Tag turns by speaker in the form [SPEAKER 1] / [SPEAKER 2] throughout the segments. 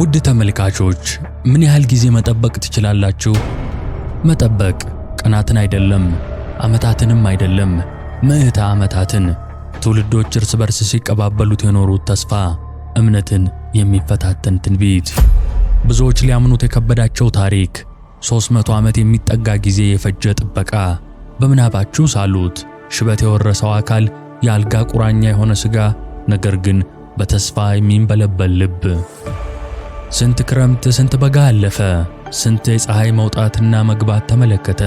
[SPEAKER 1] ውድ ተመልካቾች ምን ያህል ጊዜ መጠበቅ ትችላላችሁ? መጠበቅ ቀናትን አይደለም፣ ዓመታትንም አይደለም፣ ምዕተ ዓመታትን። ትውልዶች እርስ በርስ ሲቀባበሉት የኖሩት ተስፋ፣ እምነትን የሚፈታተን ትንቢት፣ ብዙዎች ሊያምኑት የከበዳቸው ታሪክ፣ 300 ዓመት የሚጠጋ ጊዜ የፈጀ ጥበቃ። በምናባችሁ ሳሉት ሽበት የወረሰው አካል የአልጋ ቁራኛ የሆነ ሥጋ፣ ነገር ግን በተስፋ የሚንበለበል ልብ ስንት ክረምት ስንት በጋ አለፈ። ስንት የፀሐይ መውጣትና መግባት ተመለከተ።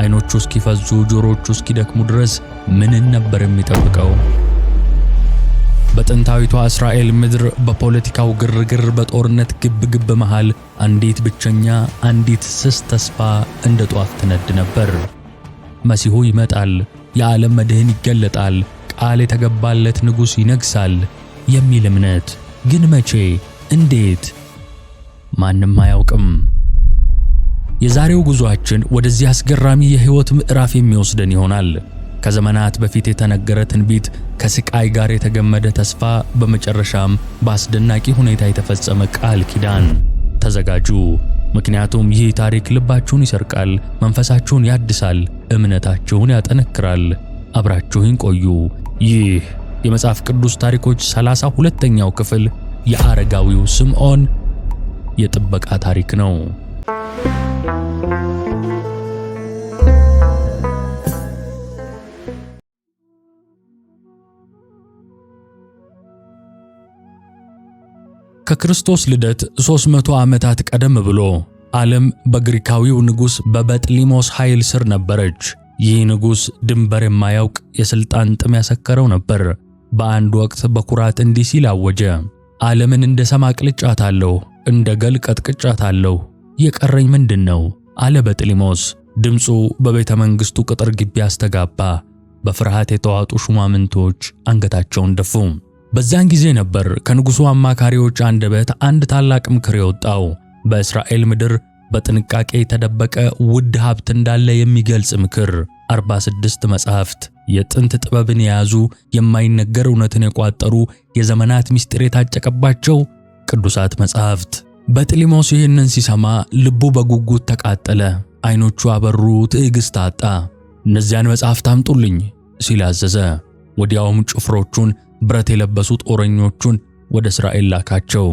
[SPEAKER 1] አይኖቹ እስኪፈዙ ጆሮቹ እስኪደክሙ ድረስ ምንን ነበር የሚጠብቀው? በጥንታዊቷ እስራኤል ምድር በፖለቲካው ግርግር፣ በጦርነት ግብግብ መሃል አንዲት ብቸኛ፣ አንዲት ስስ ተስፋ እንደ ጧፍ ትነድ ነበር። መሲሁ ይመጣል፣ የዓለም መድህን ይገለጣል፣ ቃል የተገባለት ንጉሥ ይነግሣል የሚል እምነት። ግን መቼ? እንዴት? ማንም አያውቅም። የዛሬው ጉዞአችን ወደዚህ አስገራሚ የህይወት ምዕራፍ የሚወስደን ይሆናል። ከዘመናት በፊት የተነገረ ትንቢት፣ ከስቃይ ጋር የተገመደ ተስፋ፣ በመጨረሻም በአስደናቂ ሁኔታ የተፈጸመ ቃል ኪዳን። ተዘጋጁ፣ ምክንያቱም ይህ ታሪክ ልባችሁን ይሰርቃል፣ መንፈሳችሁን ያድሳል፣ እምነታችሁን ያጠነክራል። አብራችሁን ቆዩ። ይህ የመጽሐፍ ቅዱስ ታሪኮች ሰላሳ ሁለተኛው ክፍል የአረጋዊው ስምዖን የጥበቃ ታሪክ ነው። ከክርስቶስ ልደት 300 ዓመታት ቀደም ብሎ ዓለም በግሪካዊው ንጉሥ በበጥሊሞስ ኃይል ስር ነበረች። ይህ ንጉሥ ድንበር የማያውቅ የሥልጣን ጥም ያሰከረው ነበር። በአንድ ወቅት በኩራት እንዲህ ሲል አወጀ፣ ዓለምን እንደ ሰም አቅልጫታለሁ እንደ ገል ቀጥቅጫታለሁ፣ የቀረኝ ምንድን ነው አለ በጥሊሞስ። ድምፁ በቤተ መንግሥቱ ቅጥር ግቢ አስተጋባ። በፍርሃት የተዋጡ ሹማምንቶች አንገታቸውን ደፉ። በዚያን ጊዜ ነበር ከንጉሡ አማካሪዎች አንደበት አንድ ታላቅ ምክር የወጣው። በእስራኤል ምድር በጥንቃቄ የተደበቀ ውድ ሀብት እንዳለ የሚገልጽ ምክር። 46 መጻሕፍት፣ የጥንት ጥበብን የያዙ የማይነገር እውነትን የቋጠሩ የዘመናት ምስጢር የታጨቀባቸው ቅዱሳት መጻሕፍት። በጥሊሞስ ይህንን ሲሰማ ልቡ በጉጉት ተቃጠለ፣ ዓይኖቹ አበሩ፣ ትዕግሥት አጣ። እነዚያን መጻሕፍት አምጡልኝ ሲል አዘዘ። ወዲያውም ጭፍሮቹን ብረት የለበሱ ጦረኞቹን ወደ እስራኤል ላካቸው።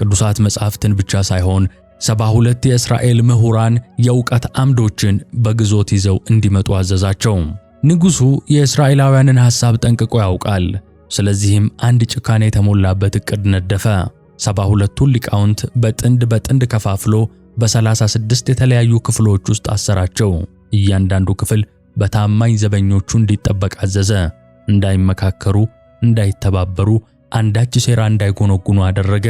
[SPEAKER 1] ቅዱሳት መጻሕፍትን ብቻ ሳይሆን ሰባ ሁለት የእስራኤል ምሁራን የእውቀት አምዶችን በግዞት ይዘው እንዲመጡ አዘዛቸው። ንጉሡ የእስራኤላውያንን ሐሳብ ጠንቅቆ ያውቃል። ስለዚህም አንድ ጭካኔ የተሞላበት ዕቅድ ነደፈ። ሰባ ሁለቱን ሊቃውንት በጥንድ በጥንድ ከፋፍሎ በ36 የተለያዩ ክፍሎች ውስጥ አሰራቸው። እያንዳንዱ ክፍል በታማኝ ዘበኞቹ እንዲጠበቅ አዘዘ። እንዳይመካከሩ፣ እንዳይተባበሩ፣ አንዳች ሴራ እንዳይጎነጉኑ አደረገ።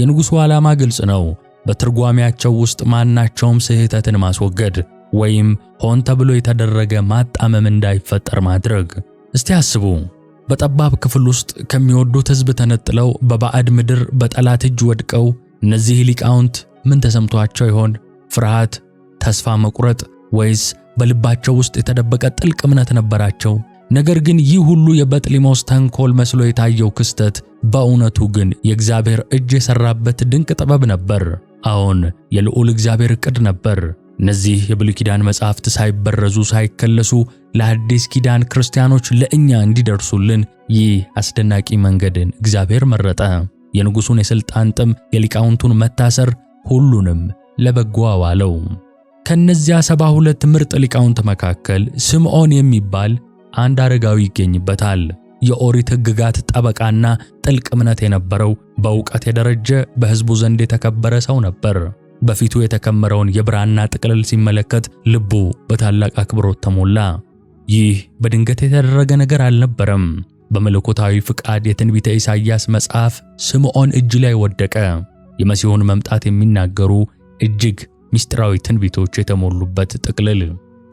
[SPEAKER 1] የንጉሡ ዓላማ ግልጽ ነው። በትርጓሜያቸው ውስጥ ማናቸውም ስህተትን ማስወገድ ወይም ሆን ተብሎ የተደረገ ማጣመም እንዳይፈጠር ማድረግ። እስቲ አስቡ። በጠባብ ክፍል ውስጥ ከሚወዱት ሕዝብ ተነጥለው በባዕድ ምድር በጠላት እጅ ወድቀው እነዚህ ሊቃውንት ምን ተሰምቷቸው ይሆን? ፍርሃት፣ ተስፋ መቁረጥ ወይስ በልባቸው ውስጥ የተደበቀ ጥልቅ እምነት ነበራቸው? ነገር ግን ይህ ሁሉ የበጥሊሞስ ተንኮል መስሎ የታየው ክስተት በእውነቱ ግን የእግዚአብሔር እጅ የሠራበት ድንቅ ጥበብ ነበር። አዎን፣ የልዑል እግዚአብሔር ዕቅድ ነበር። እነዚህ የብሉይ ኪዳን መጻሕፍት ሳይበረዙ ሳይከለሱ ለአዲስ ኪዳን ክርስቲያኖች ለእኛ እንዲደርሱልን ይህ አስደናቂ መንገድን እግዚአብሔር መረጠ። የንጉሡን የሥልጣን ጥም፣ የሊቃውንቱን መታሰር፣ ሁሉንም ለበጎ አዋለው። ከእነዚያ ሰባ ሁለት ምርጥ ሊቃውንት መካከል ስምዖን የሚባል አንድ አረጋዊ ይገኝበታል። የኦሪት ሕግጋት ጠበቃና ጥልቅ እምነት የነበረው በእውቀት የደረጀ በሕዝቡ ዘንድ የተከበረ ሰው ነበር። በፊቱ የተከመረውን የብራና ጥቅልል ሲመለከት ልቡ በታላቅ አክብሮት ተሞላ። ይህ በድንገት የተደረገ ነገር አልነበረም። በመለኮታዊ ፍቃድ የትንቢተ ኢሳይያስ መጽሐፍ ስምዖን እጅ ላይ ወደቀ። የመሲሁን መምጣት የሚናገሩ እጅግ ምስጢራዊ ትንቢቶች የተሞሉበት ጥቅልል።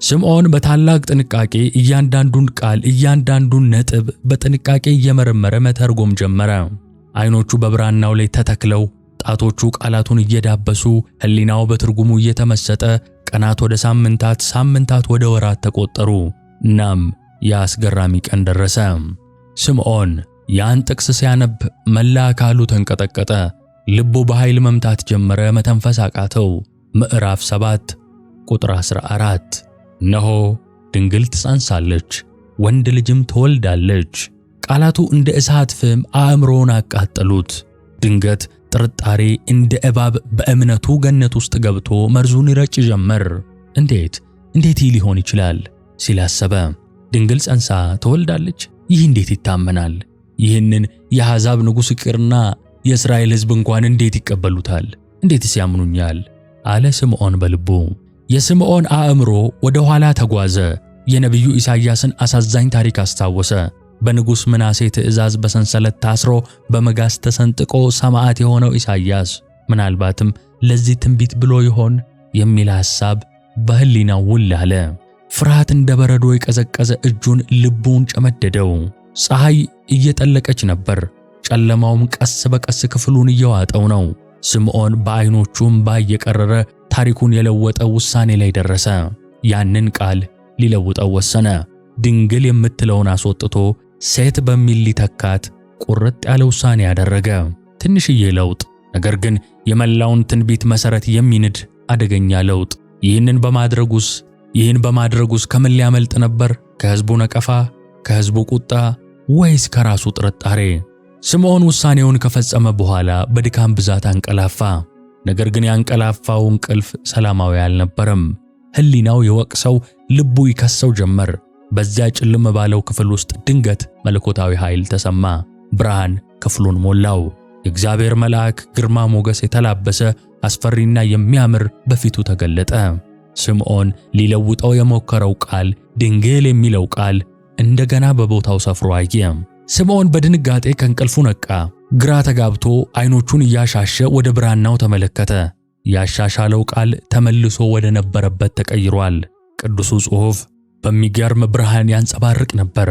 [SPEAKER 1] ስምዖን በታላቅ ጥንቃቄ እያንዳንዱን ቃል፣ እያንዳንዱን ነጥብ በጥንቃቄ እየመረመረ መተርጎም ጀመረ። ዓይኖቹ በብራናው ላይ ተተክለው ጣቶቹ ቃላቱን እየዳበሱ ህሊናው በትርጉሙ እየተመሰጠ ቀናት ወደ ሳምንታት፣ ሳምንታት ወደ ወራት ተቆጠሩ። እናም ያስገራሚ ቀን ደረሰ። ስምዖን ያን ጥቅስ ሲያነብ መላ አካሉ ተንቀጠቀጠ። ልቡ በኃይል መምታት ጀመረ፣ መተንፈስ አቃተው። ምዕራፍ 7 ቁጥር 14 እነሆ ድንግል ትጸንሳለች፣ ወንድ ልጅም ትወልዳለች። ቃላቱ እንደ እሳት ፍም አእምሮውን አቃጠሉት። ድንገት ጥርጣሬ እንደ እባብ በእምነቱ ገነት ውስጥ ገብቶ መርዙን ይረጭ ጀመር። እንዴት እንዴት ይህ ሊሆን ይችላል ሲል አሰበ። ድንግል ጸንሳ ትወልዳለች? ይህ እንዴት ይታመናል? ይህንን የአሕዛብ ንጉሥ ይቅርና የእስራኤል ሕዝብ እንኳን እንዴት ይቀበሉታል? እንዴትስ ያምኑኛል? አለ ስምዖን በልቡ። የስምዖን አእምሮ ወደ ኋላ ተጓዘ። የነቢዩ ኢሳይያስን አሳዛኝ ታሪክ አስታወሰ። በንጉሥ ምናሴ ትእዛዝ በሰንሰለት ታስሮ በመጋዝ ተሰንጥቆ ሰማዕት የሆነው ኢሳይያስ ምናልባትም ለዚህ ትንቢት ብሎ ይሆን የሚል ሐሳብ በሕሊናው ውል አለ። ፍርሃት እንደ በረዶ የቀዘቀዘ እጁን ልቡን ጨመደደው። ፀሐይ እየጠለቀች ነበር፣ ጨለማውም ቀስ በቀስ ክፍሉን እየዋጠው ነው። ስምዖን በዐይኖቹም ባየቀረረ ታሪኩን የለወጠ ውሳኔ ላይ ደረሰ። ያንን ቃል ሊለውጠው ወሰነ። ድንግል የምትለውን አስወጥቶ ሴት በሚል ሊተካት ቁርጥ ያለ ውሳኔ ያደረገ። ትንሽዬ ለውጥ፣ ነገር ግን የመላውን ትንቢት መሰረት የሚንድ አደገኛ ለውጥ። ይህንን በማድረጉስ ይህን በማድረጉስ ከምን ሊያመልጥ ነበር? ከህዝቡ ነቀፋ፣ ከህዝቡ ቁጣ ወይስ ከራሱ ጥርጣሬ? ስምዖን ውሳኔውን ከፈጸመ በኋላ በድካም ብዛት አንቀላፋ። ነገር ግን ያንቀላፋው እንቅልፍ ሰላማዊ አልነበረም። ህሊናው የወቅሰው፣ ልቡ ይከሰው ጀመር። በዚያ ጭልም ባለው ክፍል ውስጥ ድንገት መለኮታዊ ኃይል ተሰማ። ብርሃን ክፍሉን ሞላው። የእግዚአብሔር መልአክ ግርማ ሞገስ የተላበሰ አስፈሪና የሚያምር በፊቱ ተገለጠ። ስምዖን ሊለውጠው የሞከረው ቃል ድንግል የሚለው ቃል እንደገና በቦታው ሰፍሮ አየ። ስምዖን በድንጋጤ ከእንቅልፉ ነቃ። ግራ ተጋብቶ ዓይኖቹን እያሻሸ ወደ ብራናው ተመለከተ። ያሻሻለው ቃል ተመልሶ ወደ ነበረበት ተቀይሯል። ቅዱሱ ጽሑፍ በሚገርም ብርሃን ያንጸባርቅ ነበር።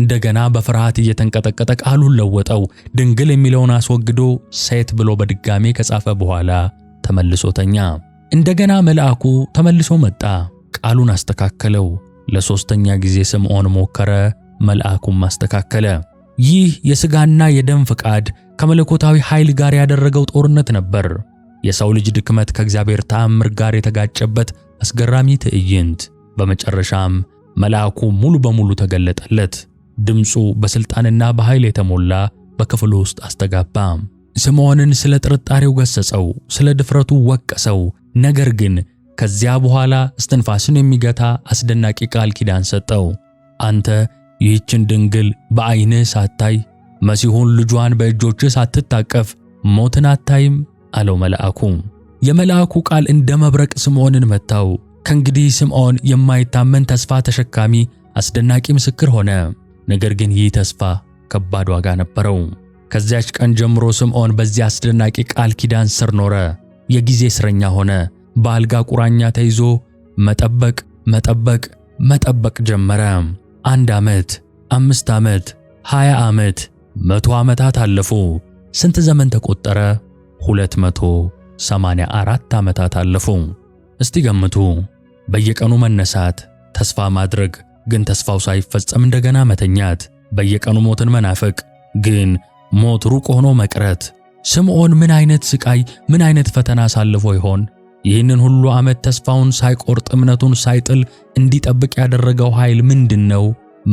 [SPEAKER 1] እንደገና በፍርሃት እየተንቀጠቀጠ ቃሉን ለወጠው። ድንግል የሚለውን አስወግዶ ሴት ብሎ በድጋሜ ከጻፈ በኋላ ተመልሶ ተኛ። እንደገና መልአኩ ተመልሶ መጣ፣ ቃሉን አስተካከለው። ለሦስተኛ ጊዜ ስምዖን ሞከረ፣ መልአኩም አስተካከለ። ይህ የሥጋና የደም ፍቃድ ከመለኮታዊ ኃይል ጋር ያደረገው ጦርነት ነበር። የሰው ልጅ ድክመት ከእግዚአብሔር ተአምር ጋር የተጋጨበት አስገራሚ ትዕይንት። በመጨረሻም መልአኩ ሙሉ በሙሉ ተገለጠለት። ድምፁ በስልጣንና በኃይል የተሞላ በክፍሉ ውስጥ አስተጋባ። ስምዖንን ስለ ጥርጣሬው ገሠጸው፣ ስለ ድፍረቱ ወቀሰው። ነገር ግን ከዚያ በኋላ እስትንፋስን የሚገታ አስደናቂ ቃል ኪዳን ሰጠው። አንተ ይህችን ድንግል በዐይንህ ሳታይ መሲሁን ልጇን በእጆችህ ሳትታቀፍ ሞትን አታይም አለው መልአኩ። የመልአኩ ቃል እንደ መብረቅ ስምዖንን መታው። ከእንግዲህ ስምዖን የማይታመን ተስፋ ተሸካሚ አስደናቂ ምስክር ሆነ። ነገር ግን ይህ ተስፋ ከባድ ዋጋ ነበረው። ከዚያች ቀን ጀምሮ ስምዖን በዚህ አስደናቂ ቃል ኪዳን ስር ኖረ። የጊዜ እስረኛ ሆነ። በአልጋ ቁራኛ ተይዞ መጠበቅ፣ መጠበቅ፣ መጠበቅ ጀመረ። አንድ ዓመት፣ አምስት ዓመት፣ ሃያ ዓመት፣ መቶ ዓመታት አለፉ። ስንት ዘመን ተቆጠረ? ሁለት መቶ ሰማንያ አራት ዓመታት አለፉ። እስቲ ገምቱ በየቀኑ መነሳት፣ ተስፋ ማድረግ ግን ተስፋው ሳይፈጸም እንደገና መተኛት፣ በየቀኑ ሞትን መናፈቅ ግን ሞት ሩቅ ሆኖ መቅረት። ስምዖን ምን አይነት ስቃይ፣ ምን አይነት ፈተና አሳልፎ ይሆን? ይህንን ሁሉ ዓመት ተስፋውን ሳይቆርጥ እምነቱን ሳይጥል እንዲጠብቅ ያደረገው ኃይል ምንድን ነው?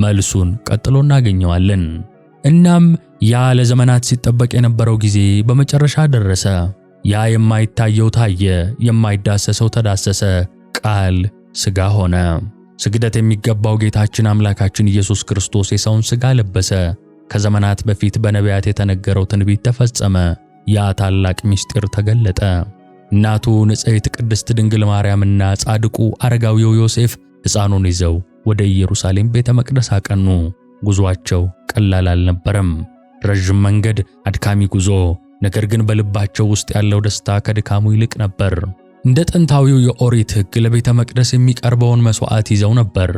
[SPEAKER 1] መልሱን ቀጥሎ እናገኘዋለን። እናም ያ ለዘመናት ሲጠበቅ የነበረው ጊዜ በመጨረሻ ደረሰ። ያ የማይታየው ታየ፣ የማይዳሰሰው ተዳሰሰ፣ ቃል ሥጋ ሆነ። ስግደት የሚገባው ጌታችን አምላካችን ኢየሱስ ክርስቶስ የሰውን ሥጋ ለበሰ። ከዘመናት በፊት በነቢያት የተነገረው ትንቢት ተፈጸመ። ያ ታላቅ ምስጢር ተገለጠ። እናቱ ንጽሕት ቅድስት ድንግል ማርያምና ጻድቁ አረጋዊው ዮሴፍ ሕፃኑን ይዘው ወደ ኢየሩሳሌም ቤተ መቅደስ አቀኑ። ጉዞአቸው ቀላል አልነበረም። ረዥም መንገድ፣ አድካሚ ጉዞ። ነገር ግን በልባቸው ውስጥ ያለው ደስታ ከድካሙ ይልቅ ነበር። እንደ ጥንታዊው የኦሪት ሕግ ለቤተ መቅደስ የሚቀርበውን መሥዋዕት ይዘው ነበር።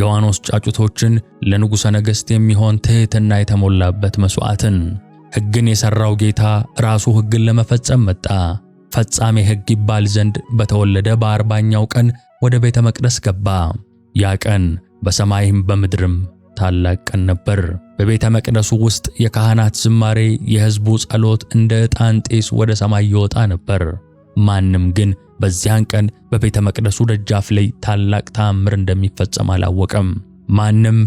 [SPEAKER 1] ዮዋኖስ ጫጩቶችን፣ ለንጉሠ ነገሥት የሚሆን ትሕትና የተሞላበት መሥዋዕትን። ሕግን የሠራው ጌታ ራሱ ሕግን ለመፈጸም መጣ። ፈጻሜ ሕግ ይባል ዘንድ በተወለደ በአርባኛው ቀን ወደ ቤተ መቅደስ ገባ። ያ ቀን በሰማይም በምድርም ታላቅ ቀን ነበር። በቤተ መቅደሱ ውስጥ የካህናት ዝማሬ፣ የሕዝቡ ጸሎት እንደ ዕጣን ጢስ ወደ ሰማይ ይወጣ ነበር። ማንም ግን በዚያን ቀን በቤተ መቅደሱ ደጃፍ ላይ ታላቅ ተአምር እንደሚፈጸም አላወቀም። ማንም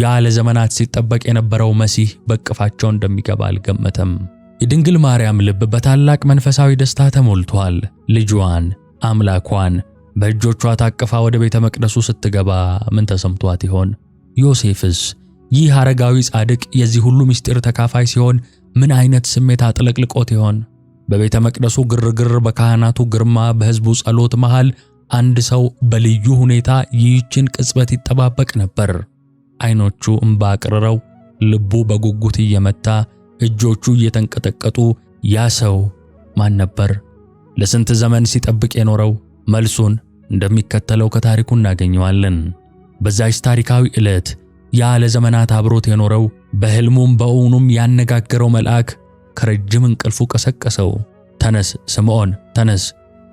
[SPEAKER 1] ያ ለዘመናት ሲጠበቅ የነበረው መሲህ በቅፋቸው እንደሚገባ አልገመተም። የድንግል ማርያም ልብ በታላቅ መንፈሳዊ ደስታ ተሞልቷል። ልጇን አምላኳን በእጆቿ ታቅፋ ወደ ቤተ መቅደሱ ስትገባ ምን ተሰምቷት ይሆን? ዮሴፍስ ይህ አረጋዊ ጻድቅ የዚህ ሁሉ ምስጢር ተካፋይ ሲሆን ምን አይነት ስሜት አጥለቅልቆት ይሆን? በቤተ መቅደሱ ግርግር፣ በካህናቱ ግርማ፣ በሕዝቡ ጸሎት መሃል አንድ ሰው በልዩ ሁኔታ ይህችን ቅጽበት ይጠባበቅ ነበር። ዓይኖቹ እምባ አቅርረው፣ ልቡ በጉጉት እየመታ፣ እጆቹ እየተንቀጠቀጡ ያ ሰው ማን ነበር? ለስንት ዘመን ሲጠብቅ የኖረው? መልሱን እንደሚከተለው ከታሪኩ እናገኘዋለን። በዛች ታሪካዊ ዕለት ያ ለዘመናት አብሮት የኖረው በሕልሙም በእውኑም ያነጋገረው መልአክ ከረጅም እንቅልፉ ቀሰቀሰው። ተነስ ስምዖን ተነስ፣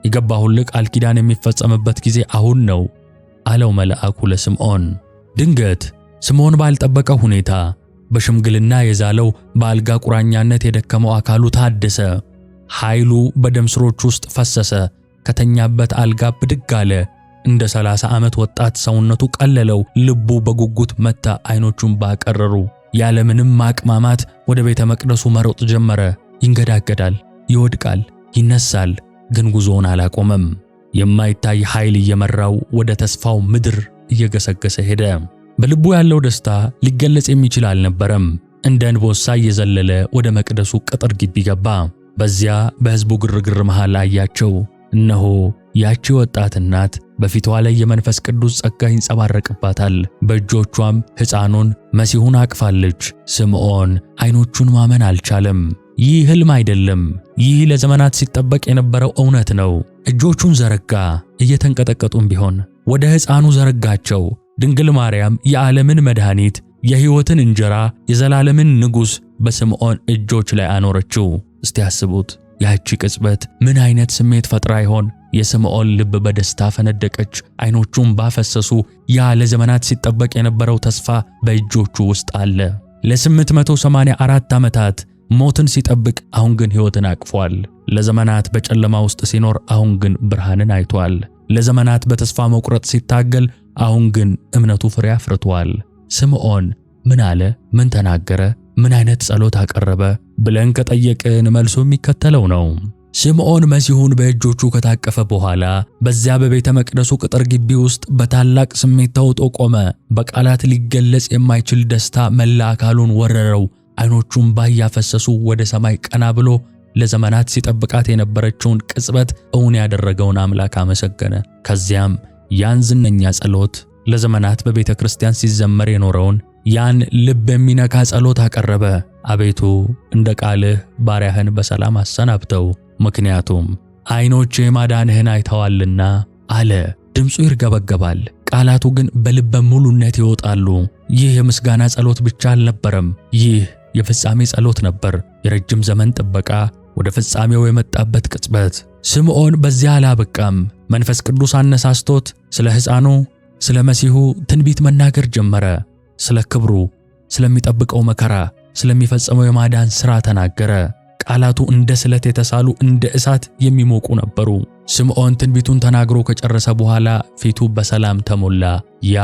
[SPEAKER 1] የገባሁልህ ቃል ኪዳን የሚፈጸምበት ጊዜ አሁን ነው አለው መልአኩ ለስምዖን። ድንገት ስምዖን ባልጠበቀ ሁኔታ በሽምግልና የዛለው በአልጋ ቁራኛነት የደከመው አካሉ ታደሰ። ኃይሉ በደም ስሮች ውስጥ ፈሰሰ። ከተኛበት አልጋ ብድግ አለ። እንደ ሰላሳ ዓመት ወጣት ሰውነቱ ቀለለው። ልቡ በጉጉት መታ። አይኖቹን ባቀረሩ ያለምንም ማቅማማት ወደ ቤተ መቅደሱ መሮጥ ጀመረ። ይንገዳገዳል፣ ይወድቃል፣ ይነሳል፣ ግን ጉዞውን አላቆመም። የማይታይ ኃይል እየመራው ወደ ተስፋው ምድር እየገሰገሰ ሄደ። በልቡ ያለው ደስታ ሊገለጽ የሚችል አልነበረም። እንደ እንቦሳ እየዘለለ ወደ መቅደሱ ቅጥር ግቢ ገባ። በዚያ በሕዝቡ ግርግር መሃል አያቸው። እነሆ ያቺ ወጣት እናት በፊቷ ላይ የመንፈስ ቅዱስ ጸጋ ይንጸባረቅባታል። በእጆቿም ሕፃኑን መሲሁን አቅፋለች። ስምዖን አይኖቹን ማመን አልቻለም። ይህ ሕልም አይደለም። ይህ ለዘመናት ሲጠበቅ የነበረው እውነት ነው። እጆቹን ዘረጋ፣ እየተንቀጠቀጡም ቢሆን ወደ ሕፃኑ ዘረጋቸው። ድንግል ማርያም የዓለምን መድኃኒት፣ የሕይወትን እንጀራ፣ የዘላለምን ንጉሥ በስምዖን እጆች ላይ አኖረችው። እስቲ አስቡት። ያቺ ቅጽበት ምን አይነት ስሜት ፈጥራ ይሆን? የስምዖን ልብ በደስታ ፈነደቀች። አይኖቹም ባፈሰሱ። ያ ለዘመናት ሲጠበቅ የነበረው ተስፋ በእጆቹ ውስጥ አለ። ለ884 ዓመታት ሞትን ሲጠብቅ፣ አሁን ግን ሕይወትን አቅፏል። ለዘመናት በጨለማ ውስጥ ሲኖር፣ አሁን ግን ብርሃንን አይቷል። ለዘመናት በተስፋ መቁረጥ ሲታገል፣ አሁን ግን እምነቱ ፍሬ አፍርቷል። ስምዖን ምን አለ? ምን ተናገረ? ምን አይነት ጸሎት አቀረበ? ብለን ከጠየቅን መልሶ የሚከተለው ነው። ስምዖን መሲሁን በእጆቹ ከታቀፈ በኋላ በዚያ በቤተ መቅደሱ ቅጥር ግቢ ውስጥ በታላቅ ስሜት ተውጦ ቆመ። በቃላት ሊገለጽ የማይችል ደስታ መላ አካሉን ወረረው። ዓይኖቹን ባያፈሰሱ ወደ ሰማይ ቀና ብሎ ለዘመናት ሲጠብቃት የነበረችውን ቅጽበት እውን ያደረገውን አምላክ አመሰገነ። ከዚያም ያን ዝነኛ ጸሎት ለዘመናት በቤተ ክርስቲያን ሲዘመር የኖረውን ያን ልብ የሚነካ ጸሎት አቀረበ። አቤቱ እንደ ቃልህ ባሪያህን በሰላም አሰናብተው፣ ምክንያቱም አይኖች ማዳንህን አይተዋልና አለ። ድምፁ ይርገበገባል፣ ቃላቱ ግን በልበ ሙሉነት ይወጣሉ። ይህ የምስጋና ጸሎት ብቻ አልነበረም። ይህ የፍጻሜ ጸሎት ነበር። የረጅም ዘመን ጥበቃ ወደ ፍጻሜው የመጣበት ቅጽበት። ስምዖን በዚያ አላበቃም። መንፈስ ቅዱስ አነሳስቶት ስለ ሕፃኑ ስለ መሲሁ ትንቢት መናገር ጀመረ። ስለ ክብሩ፣ ስለሚጠብቀው መከራ፣ ስለሚፈጽመው የማዳን ሥራ ተናገረ። ቃላቱ እንደ ስለት የተሳሉ እንደ እሳት የሚሞቁ ነበሩ። ስምዖን ትንቢቱን ተናግሮ ከጨረሰ በኋላ ፊቱ በሰላም ተሞላ። ያ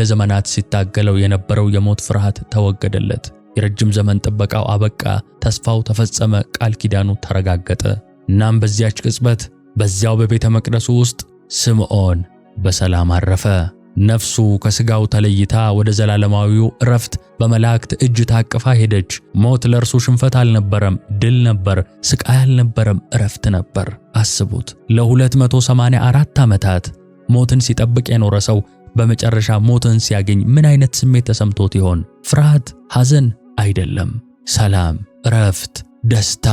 [SPEAKER 1] ለዘመናት ሲታገለው የነበረው የሞት ፍርሃት ተወገደለት። የረጅም ዘመን ጥበቃው አበቃ። ተስፋው ተፈጸመ። ቃል ኪዳኑ ተረጋገጠ። እናም በዚያች ቅጽበት በዚያው በቤተ መቅደሱ ውስጥ ስምዖን በሰላም አረፈ። ነፍሱ ከሥጋው ተለይታ ወደ ዘላለማዊው እረፍት በመላእክት እጅ ታቅፋ ሄደች። ሞት ለእርሱ ሽንፈት አልነበረም፣ ድል ነበር። ስቃይ አልነበረም፣ እረፍት ነበር። አስቡት፣ ለ284 ዓመታት ሞትን ሲጠብቅ የኖረ ሰው በመጨረሻ ሞትን ሲያገኝ ምን አይነት ስሜት ተሰምቶት ይሆን? ፍርሃት፣ ሐዘን? አይደለም፣ ሰላም፣ እረፍት፣ ደስታ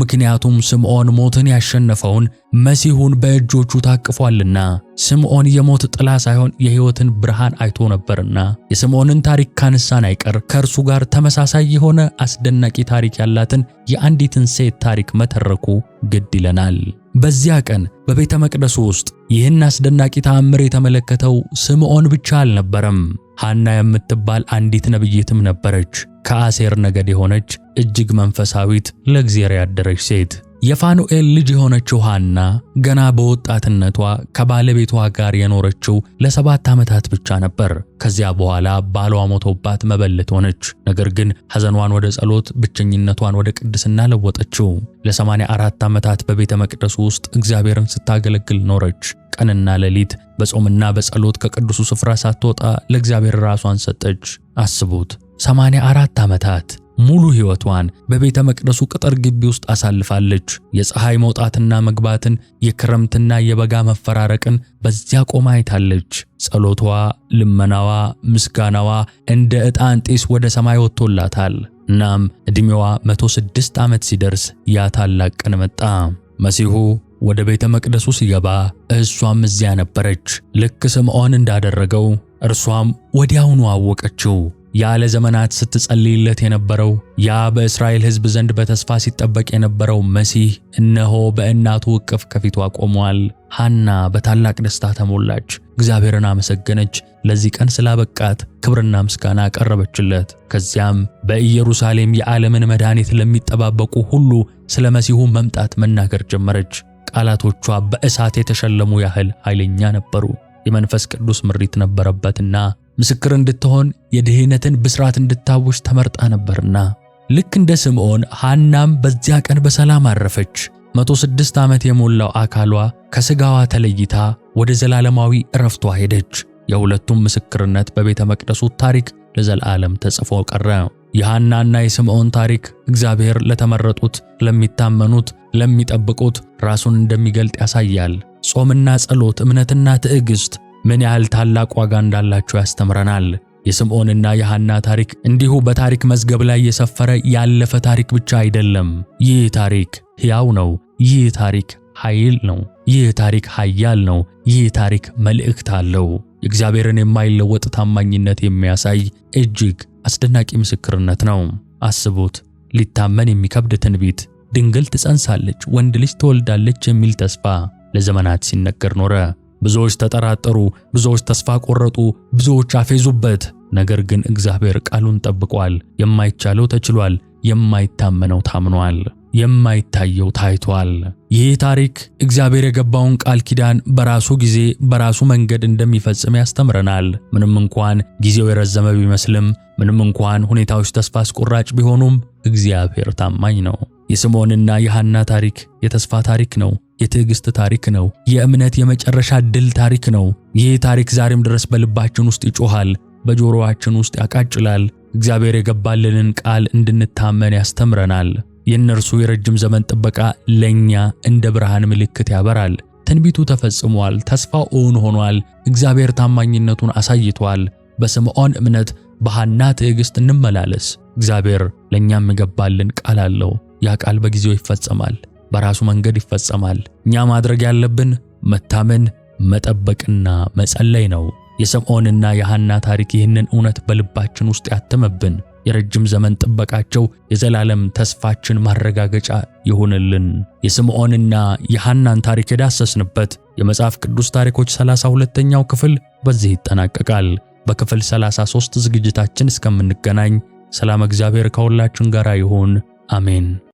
[SPEAKER 1] ምክንያቱም ስምዖን ሞትን ያሸነፈውን መሲሁን በእጆቹ ታቅፏልና። ስምዖን የሞት ጥላ ሳይሆን የሕይወትን ብርሃን አይቶ ነበርና። የስምዖንን ታሪክ ካነሳን አይቀር ከእርሱ ጋር ተመሳሳይ የሆነ አስደናቂ ታሪክ ያላትን የአንዲትን ሴት ታሪክ መተረኩ ግድ ይለናል። በዚያ ቀን በቤተ መቅደሱ ውስጥ ይህን አስደናቂ ተአምር የተመለከተው ስምዖን ብቻ አልነበረም። ሐና የምትባል አንዲት ነብይትም ነበረች፣ ከአሴር ነገድ የሆነች እጅግ መንፈሳዊት ለእግዚአብሔር ያደረች ሴት። የፋኑኤል ልጅ የሆነችው ሐና ገና በወጣትነቷ ከባለቤቷ ጋር የኖረችው ለሰባት ዓመታት ብቻ ነበር። ከዚያ በኋላ ባሏ ሞቶባት መበለት ሆነች። ነገር ግን ሐዘኗን ወደ ጸሎት፣ ብቸኝነቷን ወደ ቅድስና ለወጠችው። ለ84 ዓመታት በቤተ መቅደሱ ውስጥ እግዚአብሔርን ስታገለግል ኖረች። ቀንና ሌሊት በጾምና በጸሎት ከቅዱሱ ስፍራ ሳትወጣ ለእግዚአብሔር ራሷን ሰጠች። አስቡት 84 ዓመታት ሙሉ ሕይወቷን በቤተ መቅደሱ ቅጥር ግቢ ውስጥ አሳልፋለች። የፀሐይ መውጣትና መግባትን፣ የክረምትና የበጋ መፈራረቅን በዚያ ቆማ አይታለች። ጸሎቷ፣ ልመናዋ፣ ምስጋናዋ እንደ ዕጣን ጢስ ወደ ሰማይ ወጥቶላታል። እናም ዕድሜዋ 106 ዓመት ሲደርስ ያ ታላቅ ቀን መጣ። መሲሁ ወደ ቤተ መቅደሱ ሲገባ እሷም እዚያ ነበረች። ልክ ስምዖን እንዳደረገው እርሷም ወዲያውኑ አወቀችው። ያ ለዘመናት ስትጸልይለት የነበረው ያ በእስራኤል ሕዝብ ዘንድ በተስፋ ሲጠበቅ የነበረው መሲህ እነሆ በእናቱ እቅፍ ከፊቷ ቆሟል። ሐና በታላቅ ደስታ ተሞላች፣ እግዚአብሔርን አመሰገነች፣ ለዚህ ቀን ስላበቃት ክብርና ምስጋና አቀረበችለት። ከዚያም በኢየሩሳሌም የዓለምን መድኃኒት ለሚጠባበቁ ሁሉ ስለ መሲሁ መምጣት መናገር ጀመረች። ቃላቶቿ በእሳት የተሸለሙ ያህል ኃይለኛ ነበሩ። የመንፈስ ቅዱስ ምሪት ነበረበትና ምስክር እንድትሆን የድህነትን ብስራት እንድታውሽ ተመርጣ ነበርና። ልክ እንደ ስምዖን ሐናም በዚያ ቀን በሰላም አረፈች። 106 ዓመት የሞላው አካሏ ከሥጋዋ ተለይታ ወደ ዘላለማዊ እረፍቷ ሄደች። የሁለቱም ምስክርነት በቤተ መቅደሱ ታሪክ ለዘላለም ተጽፎ ቀረ። የሐናና የስምዖን ታሪክ እግዚአብሔር ለተመረጡት፣ ለሚታመኑት፣ ለሚጠብቁት ራሱን እንደሚገልጥ ያሳያል። ጾምና ጸሎት፣ እምነትና ትዕግስት። ምን ያህል ታላቅ ዋጋ እንዳላቸው ያስተምረናል። የስምዖንና የሐና ታሪክ እንዲሁ በታሪክ መዝገብ ላይ የሰፈረ ያለፈ ታሪክ ብቻ አይደለም። ይህ ታሪክ ሕያው ነው። ይህ ታሪክ ኃይል ነው። ይህ ታሪክ ኃያል ነው። ይህ ታሪክ መልእክት አለው። እግዚአብሔርን የማይለወጥ ታማኝነት የሚያሳይ እጅግ አስደናቂ ምስክርነት ነው። አስቡት፣ ሊታመን የሚከብድ ትንቢት፣ ድንግል ትጸንሳለች፣ ወንድ ልጅ ትወልዳለች የሚል ተስፋ ለዘመናት ሲነገር ኖረ። ብዙዎች ተጠራጠሩ፣ ብዙዎች ተስፋ ቆረጡ፣ ብዙዎች አፌዙበት። ነገር ግን እግዚአብሔር ቃሉን ጠብቋል። የማይቻለው ተችሏል፣ የማይታመነው ታምኗል፣ የማይታየው ታይቷል። ይህ ታሪክ እግዚአብሔር የገባውን ቃል ኪዳን በራሱ ጊዜ በራሱ መንገድ እንደሚፈጽም ያስተምረናል። ምንም እንኳን ጊዜው የረዘመ ቢመስልም፣ ምንም እንኳን ሁኔታዎች ተስፋ አስቆራጭ ቢሆኑም፣ እግዚአብሔር ታማኝ ነው። የስምዖንና የሐና ታሪክ የተስፋ ታሪክ ነው። የትዕግስት ታሪክ ነው። የእምነት የመጨረሻ ድል ታሪክ ነው። ይህ ታሪክ ዛሬም ድረስ በልባችን ውስጥ ይጮሃል፣ በጆሮአችን ውስጥ ያቃጭላል። እግዚአብሔር የገባልንን ቃል እንድንታመን ያስተምረናል። የእነርሱ የረጅም ዘመን ጥበቃ ለእኛ እንደ ብርሃን ምልክት ያበራል። ትንቢቱ ተፈጽሟል፣ ተስፋ እውን ሆኗል፣ እግዚአብሔር ታማኝነቱን አሳይቷል። በስምዖን እምነት በሐና ትዕግስት እንመላለስ። እግዚአብሔር ለእኛም የገባልን ቃል አለው። ያ ቃል በጊዜው ይፈጸማል። በራሱ መንገድ ይፈጸማል። እኛ ማድረግ ያለብን መታመን፣ መጠበቅና መጸለይ ነው። የሰምዖንና የሐና ታሪክ ይህንን እውነት በልባችን ውስጥ ያተመብን፣ የረጅም ዘመን ጥበቃቸው የዘላለም ተስፋችን ማረጋገጫ ይሁንልን። የስምዖንና የሐናን ታሪክ የዳሰስንበት የመጽሐፍ ቅዱስ ታሪኮች 32ኛው ክፍል በዚህ ይጠናቀቃል። በክፍል 33 ዝግጅታችን እስከምንገናኝ ሰላም፣ እግዚአብሔር ከሁላችን ጋር ይሁን። አሜን።